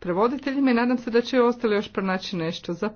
prevoditeljima i nadam se da će ostali još pronaći nešto za